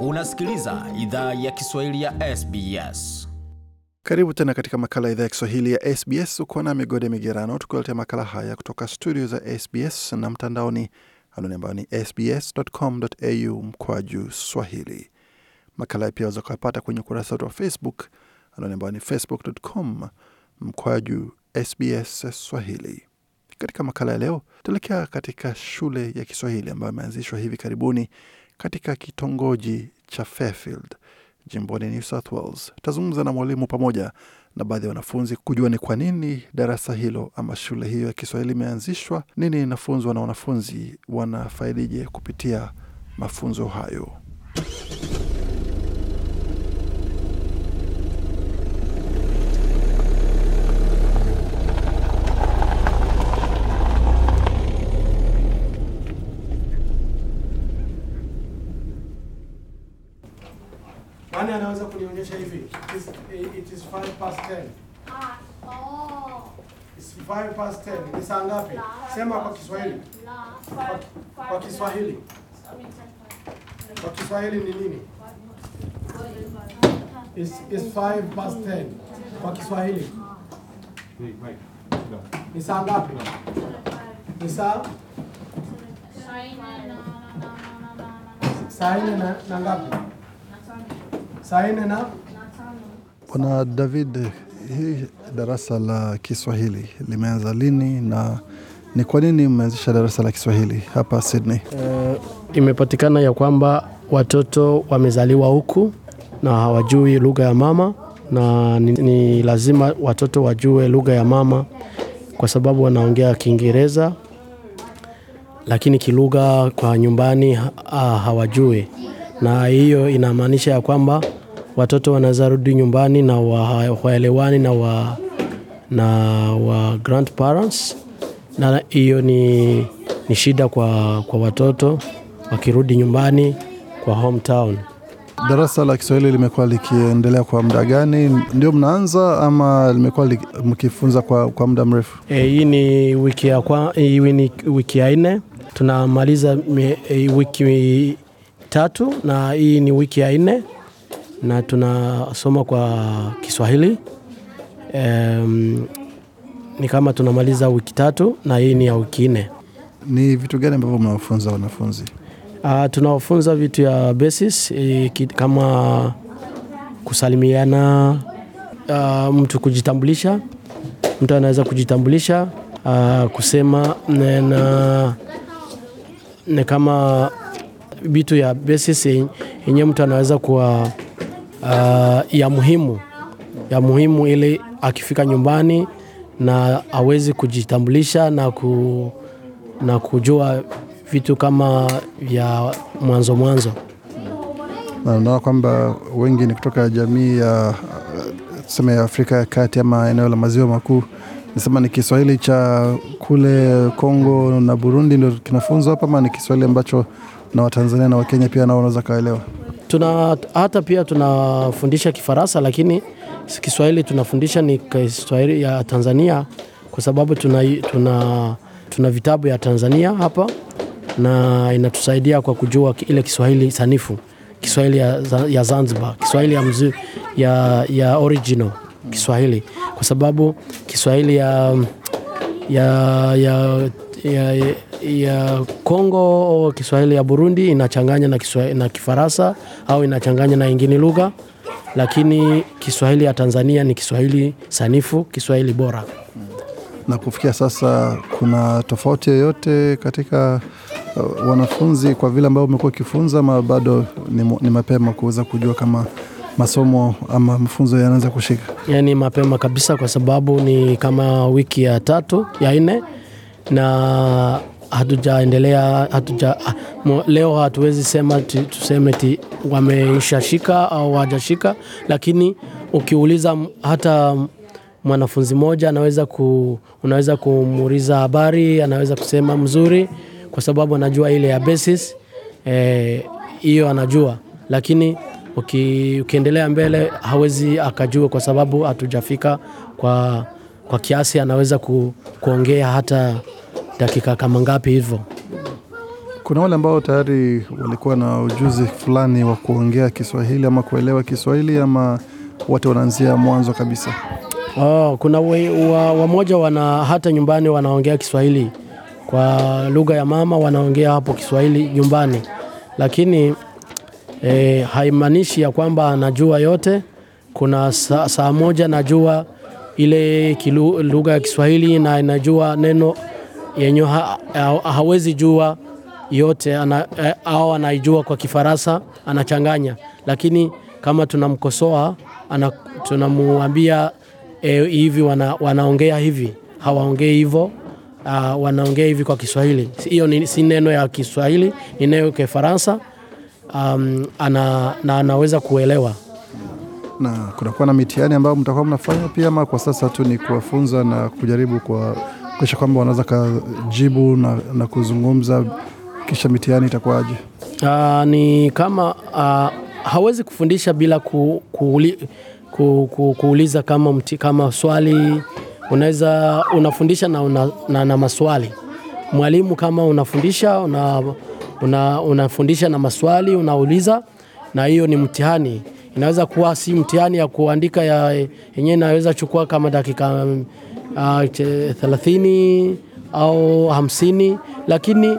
Unasikiliza idhaa ya Kiswahili ya SBS. Karibu tena katika makala idhaa ya Kiswahili ya SBS. Uko na Migode Migerano tukuletea makala haya kutoka studio za SBS na mtandaoni, anwani ambayo ni sbs.com.au mkwaju swahili. Makala pia waweza kuyapata kwenye ukurasa wetu wa Facebook, anwani ambayo ni facebook.com mkwaju SBS swahili. Katika makala ya leo, tuelekea katika shule ya Kiswahili ambayo imeanzishwa hivi karibuni katika kitongoji cha Fairfield jimboni New South Wales. Tazungumza na mwalimu pamoja na baadhi ya wanafunzi kujua ni kwa nini darasa hilo ama shule hiyo ya Kiswahili imeanzishwa, nini inafunzwa na wanafunzi wanafaidije kupitia mafunzo hayo. Nani anaweza kunionyesha hivi? It is 5 past 10. Ah, oh. It's 5 past 10. Ni saa ngapi? Sema kwa Kiswahili. Kwa, kwa Kiswahili. Kwa Kiswahili ni nini? It's, it's 5 past 10. Kwa Kiswahili. Ni saa ngapi? Ni saa saa nne na ngapi? na Bwana David, hii darasa la Kiswahili limeanza lini na ni kwa nini mmeanzisha darasa la Kiswahili hapa Sydney? Uh, imepatikana ya kwamba watoto wamezaliwa huku na hawajui lugha ya mama na ni, ni lazima watoto wajue lugha ya mama kwa sababu wanaongea Kiingereza lakini kilugha kwa nyumbani ha, hawajui, na hiyo inamaanisha ya kwamba watoto wanazarudi nyumbani na waelewani na wa, na wa grandparents, na hiyo ni, ni shida kwa, kwa watoto wakirudi nyumbani kwa hometown. Darasa la Kiswahili limekuwa likiendelea kwa muda gani? Ndio mnaanza ama limekuwa mkifunza kwa, kwa muda mrefu? E, hii ni wiki ya kwa, hii ni wiki ya nne tunamaliza eh, wiki tatu na hii ni wiki ya nne na tunasoma kwa Kiswahili um, ni kama tunamaliza wiki tatu na hii ni ya wiki nne. Ni vitu gani ambavyo mnawafunza wanafunzi? Uh, tunawafunza vitu ya basis e, kama kusalimiana, uh, mtu kujitambulisha, mtu anaweza kujitambulisha, uh, kusema nena, na kama vitu ya basis mtu anaweza kuwa uh, ya muhimu ya muhimu ili akifika nyumbani na awezi kujitambulisha na, ku, na kujua vitu kama vya mwanzo mwanzo. Naona kwamba wengi ni kutoka jamii ya tuseme ya Afrika ya Kati ama eneo la maziwa makuu. Nasema ni Kiswahili cha kule Kongo na Burundi ndio kinafunzwa hapa, ama ni Kiswahili ambacho na Watanzania na Wakenya pia nao wanaweza kaelewa? Tuna hata pia tunafundisha Kifaransa, lakini Kiswahili tunafundisha ni Kiswahili ya Tanzania kwa sababu tuna, tuna, tuna vitabu ya Tanzania hapa na inatusaidia kwa kujua ile Kiswahili sanifu, Kiswahili ya, ya Zanzibar, Kiswahili ya, mzi, ya, ya original Kiswahili kwa sababu Kiswahili ya ya, ya, ya, ya Kongo Kiswahili ya Burundi inachanganya na, na Kifaransa au inachanganya na ingine lugha, lakini Kiswahili ya Tanzania ni Kiswahili sanifu, Kiswahili bora. Na kufikia sasa kuna tofauti yoyote katika uh, wanafunzi kwa vile ambao umekuwa ukifunza, ama bado ni, ni mapema kuweza kujua kama masomo ama mafunzo yanaanza kushika, Yani mapema kabisa, kwa sababu ni kama wiki ya tatu ya nne na hatujaendelea hatuja, leo hatuwezi sema tuseme ti shika au wajashika lakini ukiuliza hata mwanafunzi mmoja anaweza ku, unaweza kumuuliza habari, anaweza kusema mzuri, kwa sababu anajua ile ya basis eh, hiyo, e, anajua lakini uki, ukiendelea mbele hawezi akajua, kwa sababu hatujafika kwa, kwa kiasi anaweza ku, kuongea hata dakika kama ngapi hivyo. Kuna wale ambao tayari walikuwa na ujuzi fulani wa kuongea Kiswahili ama kuelewa Kiswahili ama wote wanaanzia mwanzo kabisa? Oh, kuna wamoja wa wana hata nyumbani wanaongea Kiswahili kwa lugha ya mama, wanaongea hapo Kiswahili nyumbani, lakini e, haimaanishi ya kwamba anajua yote. Kuna saa, saa moja najua ile lugha ya Kiswahili na inajua neno yenye ha, ha, hawezi jua yote ana, eh, au anaijua kwa Kifaransa anachanganya, lakini kama tunamkosoa tunamwambia e, eh, hivi wana, wanaongea hivi hawaongei hivyo uh, wanaongea hivi kwa Kiswahili. Hiyo si neno ya Kiswahili, ni neno ya Kifaransa um, ana, na anaweza kuelewa na kunakuwa na mitihani ambayo mtakuwa mnafanya pia, ama kwa sasa tu ni kuwafunza na kujaribu kuhakikisha kwamba wanaweza kajibu na, na kuzungumza, kisha mitihani itakuwaje? Uh, ni kama uh, hawezi kufundisha bila ku, kuuli, ku, ku, kuuliza kama, mti, kama swali unaweza unafundisha na, una, na, na maswali mwalimu kama unafundisha una una, unafundisha na maswali unauliza, na hiyo ni mtihani. Inaweza kuwa si mtihani ya kuandika yenyewe, inaweza chukua kama dakika ah, thelathini au hamsini, lakini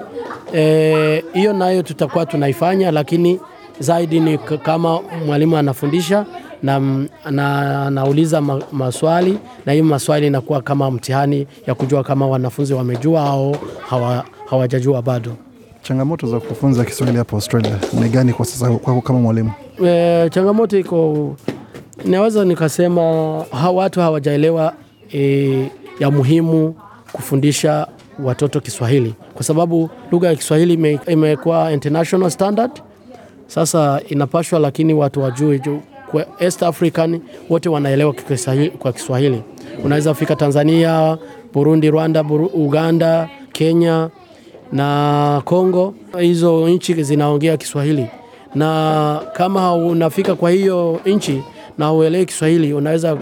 eh, hiyo eh, nayo tutakuwa tunaifanya, lakini zaidi ni kama mwalimu anafundisha na anauliza ma, maswali na hiyo maswali inakuwa kama mtihani ya kujua kama wanafunzi wamejua au hawajajua hawa bado. Changamoto za kufunza Kiswahili hapa Australia ni gani kwa sasa kwako kama mwalimu? E, changamoto iko, naweza nikasema ha, watu hawajaelewa e, ya muhimu kufundisha watoto Kiswahili kwa sababu lugha ya Kiswahili imekuwa international standard. Sasa inapashwa, lakini watu wajue juu East African wote wanaelewa kwa Kiswahili. Unaweza fika Tanzania, Burundi, Rwanda, Uganda, Kenya na Kongo, hizo nchi zinaongea Kiswahili, na kama unafika kwa hiyo nchi na uelewi Kiswahili unaweza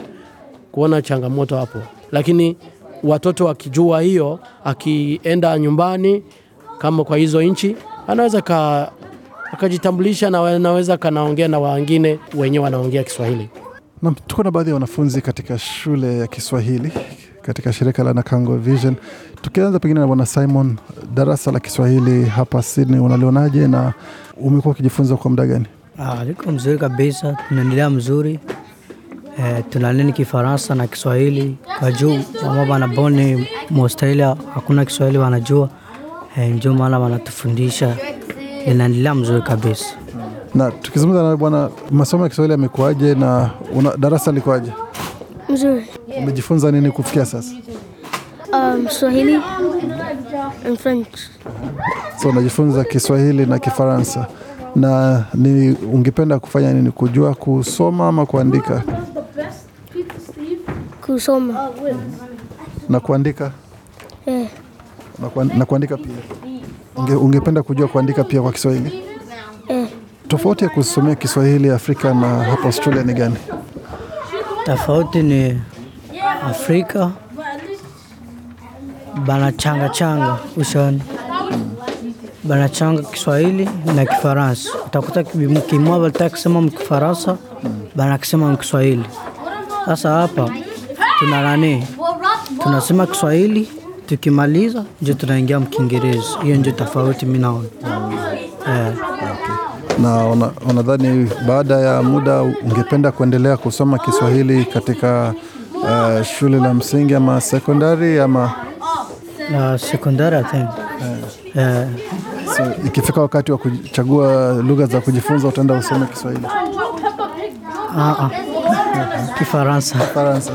kuona changamoto hapo, lakini watoto wakijua hiyo, akienda nyumbani kama kwa hizo nchi anaweza ka akajitambulisha na anaweza kanaongea na wengine wenyewe wanaongea Kiswahili. Na tuko na baadhi ya wanafunzi katika shule ya Kiswahili katika shirika la Nakango Vision. Tukianza pengine na Bwana Simon, darasa la Kiswahili hapa Sydney unalionaje na umekuwa ukijifunza kwa muda gani? Ah, liko mzuri kabisa, tunaendelea mzuri eh, tunaneni Kifaransa na Kiswahili kwa juu, ambao wanaboni Mwaustralia hakuna Kiswahili wanajua eh, njo maana wanatufundisha, linaendelea mzuri kabisa. Na tukizungumza na bwana, masomo ya Kiswahili yamekuaje na una, darasa likuaje? Mzuri. Umejifunza nini kufikia sasa? Um, Swahili and French. So unajifunza Kiswahili na Kifaransa na ni ungependa kufanya nini, kujua kusoma ama kuandika? Kusoma na kuandika eh. Na, kuan, na kuandika pia Unge, ungependa kujua kuandika pia kwa Kiswahili eh. Tofauti ya kusomea Kiswahili Afrika na hapa Australia ni gani? Tofauti ni Afrika banachanga changa usoni, banachanga Kiswahili na Kifaransa. Utakuta kimmoja alitaka kusema mkifaransa banakisema mkiswahili. Sasa hapa tuna nani, tunasema Kiswahili tukimaliza ndio tunaingia mkiingereza. Hiyo ndio tofauti mimi naona. Eh. Na unadhani baada ya muda ungependa kuendelea kusoma Kiswahili katika uh, shule la msingi ama sekondari ama uh, sekondari I think. Uh, uh, so, ikifika wakati wa kuchagua lugha za kujifunza utaenda usome Kiswahili? uh -uh. Kifaransa. Kifaransa.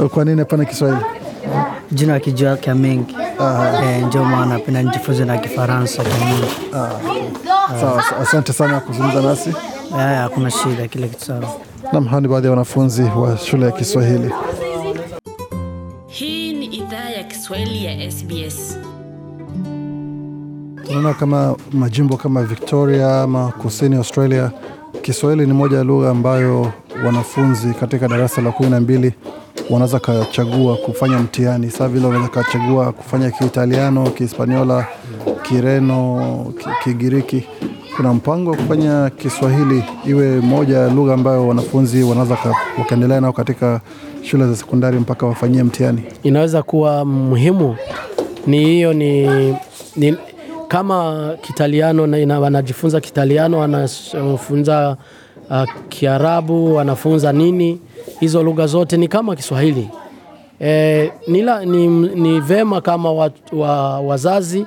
Uh, kwa nini hapana Kiswahili? Jina kijua kia mengi uh, ah, eh, ndio maana penda nijifunze na Kifaransa kia mengi. Sawa, asante sana kuzungumza nasi. Hakuna shida, kile kitu sawa. Naam, hao ni baadhi ya wanafunzi wa shule ya Kiswahili. Kiswahili ya SBS. Tunaona kama majimbo kama Victoria ama kusini Australia, Kiswahili ni moja ya lugha ambayo wanafunzi katika darasa la kumi na mbili wanaweza kachagua kufanya mtihani. Saa vile wanaweza kachagua kufanya Kiitaliano, Kihispaniola, Kireno, Kigiriki. Kuna mpango wa kufanya Kiswahili iwe moja ya lugha ambayo wanafunzi wanaweza wakaendelea nao katika shule za sekondari mpaka wafanyie mtihani. Inaweza kuwa muhimu ni hiyo ni, ni kama Kitaliano na wanajifunza Kitaliano, wanafunza uh, Kiarabu, wanafunza nini, hizo lugha zote ni kama Kiswahili. E, nila, ni, ni vema kama wa, wa, wazazi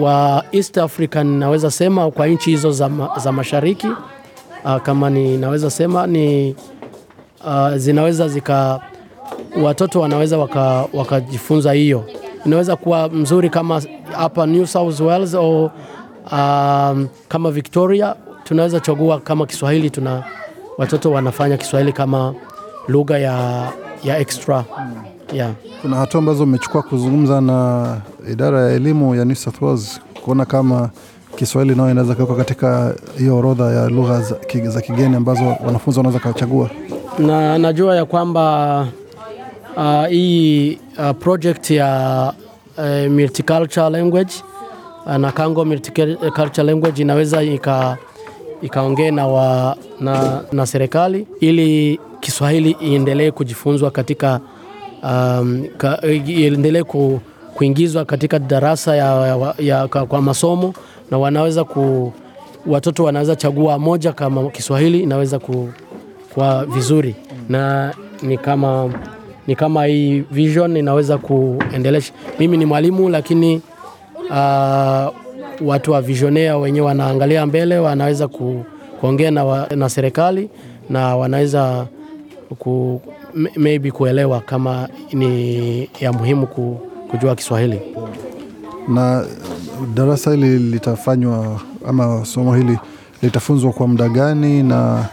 wa East African naweza sema kwa nchi hizo za, za mashariki uh, kama ni naweza sema ni uh, zinaweza zika watoto wanaweza wakajifunza waka hiyo. Inaweza kuwa mzuri kama hapa New South Wales au um, kama Victoria tunaweza chagua kama Kiswahili tuna watoto wanafanya Kiswahili kama lugha ya, ya extra yeah. Kuna hatua ambazo umechukua kuzungumza na idara ya elimu ya New South Wales kuona kama Kiswahili nayo inaweza kuwekwa katika hiyo orodha ya lugha za kigeni ambazo wanafunzi wanaweza kuchagua na najua ya kwamba uh, hii uh, project ya uh, multicultural language uh, na Kango multicultural language inaweza ika ikaongee na, wa, na, na serikali ili Kiswahili iendelee kujifunzwa katika um, ka, iendelee ku, kuingizwa katika darasa ya, ya, ya, kwa masomo na wanaweza ku, watoto wanaweza chagua moja kama Kiswahili inaweza ku kwa vizuri na ni kama ni kama hii vision inaweza kuendelesha. Mimi ni mwalimu lakini uh, watu wa visionea wenyewe wanaangalia mbele, wanaweza ku, kuongea na, na serikali na wanaweza ku, maybe kuelewa kama ni ya muhimu ku, kujua Kiswahili. Na darasa hili litafanywa ama somo hili litafunzwa kwa muda gani na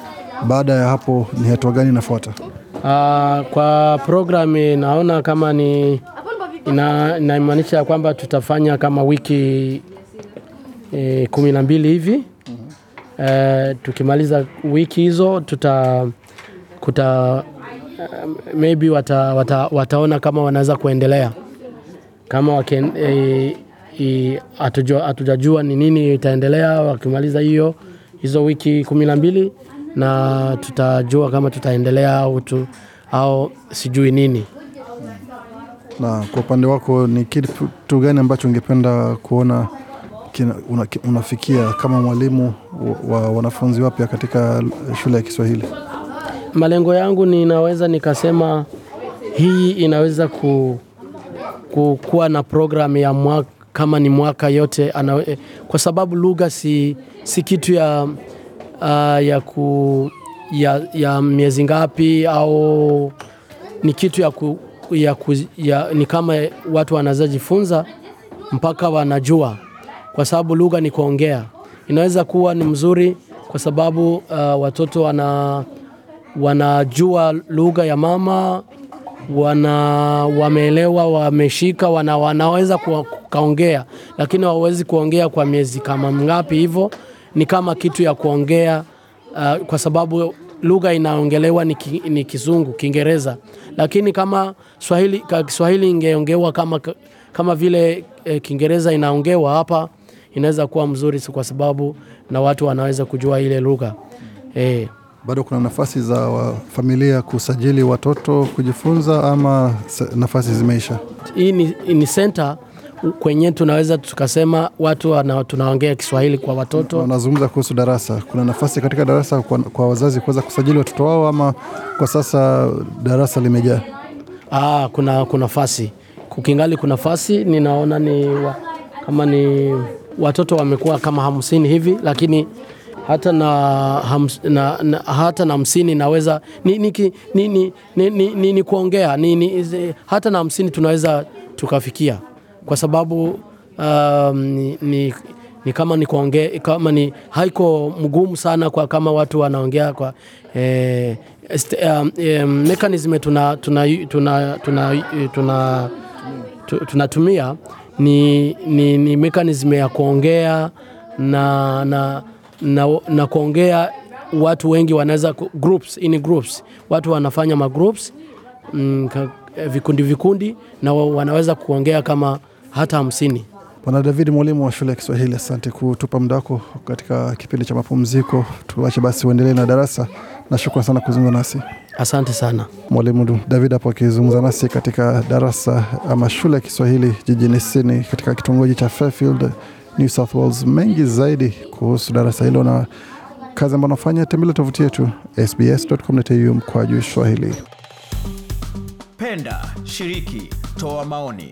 baada ya hapo ni hatua gani inafuata? Uh, kwa programu eh, naona kama ni inamaanisha ina kwamba tutafanya kama wiki e, kumi na mbili hivi. Uh, tukimaliza wiki hizo tuta kuta uh, maybe wata, wata, wataona kama wanaweza kuendelea kama e, e, hatujajua ni nini itaendelea wakimaliza hiyo hizo wiki kumi na mbili na tutajua kama tutaendelea au, tu, au sijui nini. Na kwa upande wako ni kitu gani ambacho ungependa kuona kina, una, unafikia kama mwalimu wa, wa wanafunzi wapya katika shule ya Kiswahili? Malengo yangu ninaweza nikasema hii inaweza ku, ku, kuwa na programu ya mwaka, kama ni mwaka yote anawe, kwa sababu lugha si, si kitu ya uh, ya, ku, ya, ya miezi ngapi au ni kitu ya, ku, ya, ku, ya ni kama watu wanazajifunza mpaka wanajua, kwa sababu lugha ni kuongea. Inaweza kuwa ni mzuri kwa sababu uh, watoto wana, wanajua lugha ya mama wana wameelewa, wameshika, wana, wanaweza kukaongea, lakini hawawezi kuongea kwa miezi kama ngapi hivyo ni kama kitu ya kuongea uh, kwa sababu lugha inaongelewa ni, ki, ni Kizungu, Kiingereza, lakini kama Swahili, Kiswahili ingeongewa kama, kama vile eh, Kiingereza inaongewa hapa, inaweza kuwa mzuri kwa sababu na watu wanaweza kujua ile lugha eh. Bado kuna nafasi za familia kusajili watoto kujifunza ama nafasi zimeisha? Hii ni, ni center kwenye tunaweza tukasema watu tunaongea Kiswahili kwa watoto. Wanazungumza kuhusu darasa, kuna nafasi katika darasa kwa, kwa wazazi kuweza kusajili watoto wao, ama kwa sasa darasa limejaa? Ah, kuna kuna nafasi kukingali kuna nafasi, ninaona ni wa, kama ni watoto wamekuwa kama hamsini hivi, lakini hata na, hams, na, na, hata na hamsini naweza ni, ni, ni, ni, ni, ni, ni, ni kuongea ni, ni, hata na hamsini tunaweza tukafikia kwa sababu um, ni, ni ni kama ni kuongea kama ni haiko mgumu sana kwa kama watu wanaongea kwa eh, um, um, mechanism tuna tuna tuna tuna tuna tunatumia ni, ni, ni mekanizme ya kuongea na, na, na, na kuongea watu wengi wanaweza groups, in groups watu wanafanya magroups mm, vikundi vikundi na wanaweza kuongea kama hata hamsini. Bwana David mwalimu wa shule ya Kiswahili, asante kutupa muda wako katika kipindi cha mapumziko. Tuache basi uendelee na darasa, na shukran sana kuzungumza nasi. Asante sana mwalimu David hapo akizungumza nasi katika darasa ama shule ya Kiswahili jijini Sydney katika kitongoji cha Fairfield, New South Wales. Mengi zaidi kuhusu darasa hilo na kazi ambayo anafanya, tembelea tovuti yetu sbs.com.au juu Swahili. Penda, shiriki, toa maoni